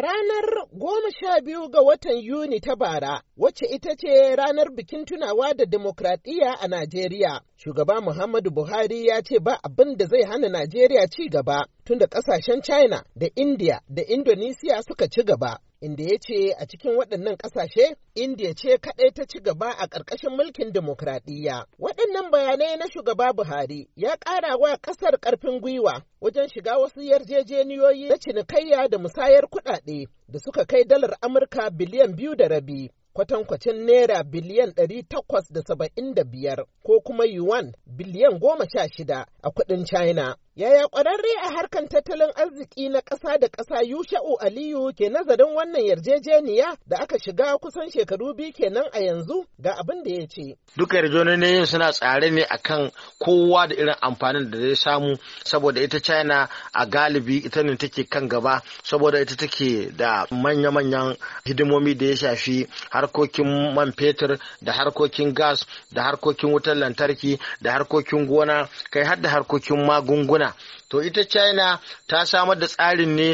ranar goma sha biyu ga watan Yuni ta bara, wacce ita ce ranar bikin tunawa da demokradiyya a Najeriya, shugaba Muhammadu Buhari ya ce ba abin da zai hana Najeriya ci gaba tunda ƙasashen China da India da Indonesia suka ci gaba. inda ya ce a cikin waɗannan ƙasashe indiya ce kaɗai ta ci gaba a ƙarƙashin mulkin demokradiyya waɗannan bayanai na shugaba buhari ya ƙara wa ƙasar ƙarfin gwiwa wajen shiga wasu yarjejeniyoyi na cinikayya da musayar kuɗaɗe da suka kai dalar amurka biliyan biyu da rabi kwatankwacin naira biliyan ɗari takwas da saba'in da biyar ko kuma yuan biliyan goma sha shida a kuɗin china Yaya ƙwararre a harkar tattalin arziki na ƙasa da ƙasa Yusha'u Aliyu ke nazarin wannan yarjejeniya da aka shiga kusan shekaru biyu kenan a yanzu ga abin da ya ce. Duka yarjejeniyoyin suna tsare ne akan kowa da irin amfanin da zai samu saboda ita China a galibi ita ne take kan gaba saboda ita take da manya-manyan hidimomi da ya shafi harkokin man fetur da harkokin gas da harkokin wutar lantarki da harkokin gona kai har da harkokin magunguna. to ita china ta samar da tsarin ne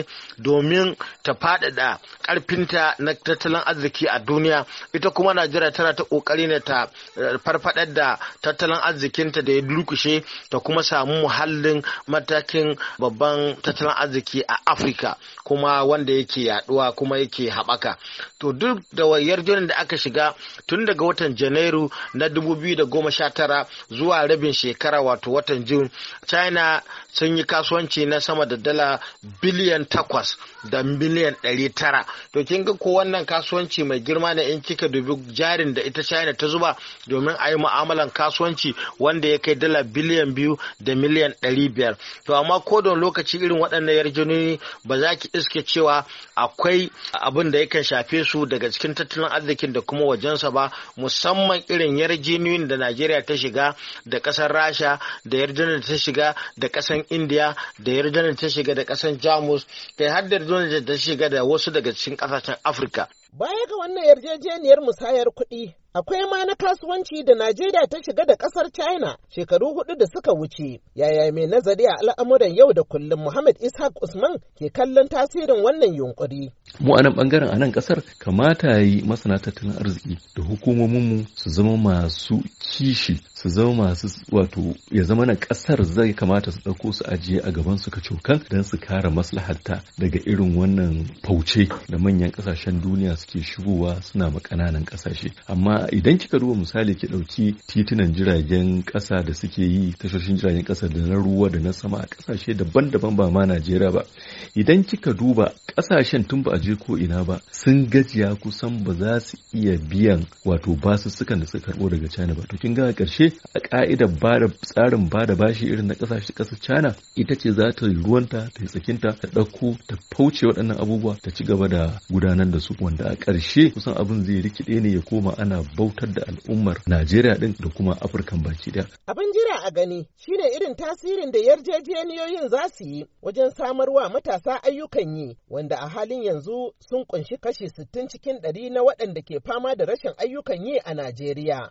domin ta faɗaɗa karfinta na tattalin arziki a duniya ita kuma najeriya tana ta ƙoƙari ne ta eh, farfaɗar da tattalin arzikinta da ya lukushe ta kuma samu muhallin matakin babban tattalin arziki a afirka kuma wanda yake yaduwa kuma yake haɓaka to duk da yarjejeniyar da aka shiga tun daga watan janairu na 2019 zuwa rabin shekara wato watan june china sun yi kasuwanci na sama da dala biliyan takwas da miliyan ɗari tara to kin ga ko wannan kasuwanci mai girma na in kika dubi jarin da ita china ta zuba domin a yi mu'amalan kasuwanci wanda ya kai dala biliyan biyu da miliyan ɗari biyar to amma ko don lokaci irin waɗannan yarjejeniyoyi ba za ki iske cewa akwai abin da yakan shafe su daga cikin tattalin arzikin da kuma wajensa ba musamman irin yarjejeniyoyin da najeriya ta shiga da ƙasar rasha da yarjejeniyar da ta shiga da ƙasar kasan indiya da yarjejeniyar ta shiga da kasan jamus kai har da ta shiga da wasu daga cikin kasashen afirka baya ga wannan yarjejeniyar musayar kuɗi akwai ma na kasuwanci da Najeriya ta shiga da ƙasar China shekaru hudu da suka wuce. Yaya mai nazari a al'amuran yau da kullum Muhammad Ishaq Usman ke kallon tasirin wannan yunkuri. Mu a nan bangaren a nan ƙasar kamata yi masana tattalin arziki da hukumominmu su zama masu kishi su zama masu wato ya zama na ƙasar zai kamata su ɗauko su ajiye a gaban su kacokan don su kare maslahata daga irin wannan fauce da manyan ƙasashen duniya suke shigowa suna ma ƙananan ƙasashe amma idan kika duba misali ki ɗauki titunan jiragen ƙasa da suke yi tashoshin jiragen ƙasa da na ruwa da na sama a ƙasashe daban-daban ba ma Najeriya ba idan kika duba ƙasashen tun ba a je ko ina ba sun gajiya kusan ba za su iya biyan wato basussukan da suka karɓo daga China ba to kin ga ƙarshe a ka'idar tsarin bada bashi irin na kasashe kasar China ita ce za ta yi ruwanta ta yi tsakinta ta ɗauko ta fauce waɗannan abubuwa ta ci gaba da gudanar da su wanda a ƙarshe kusan abin zai rikide ne ya koma ana bautar da al'ummar Najeriya ɗin da kuma Afirka baki ɗaya. Abin jira a gani shine irin tasirin da yarjejeniyoyin za su yi wajen samar wa matasa ayyukan yi wanda a halin yanzu sun kunshi kashi sittin cikin ɗari na waɗanda ke fama da rashin ayyukan yi a Najeriya.